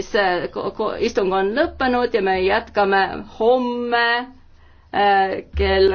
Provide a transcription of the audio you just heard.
siis istung on lõppenud ja me jätkame homme äh, kell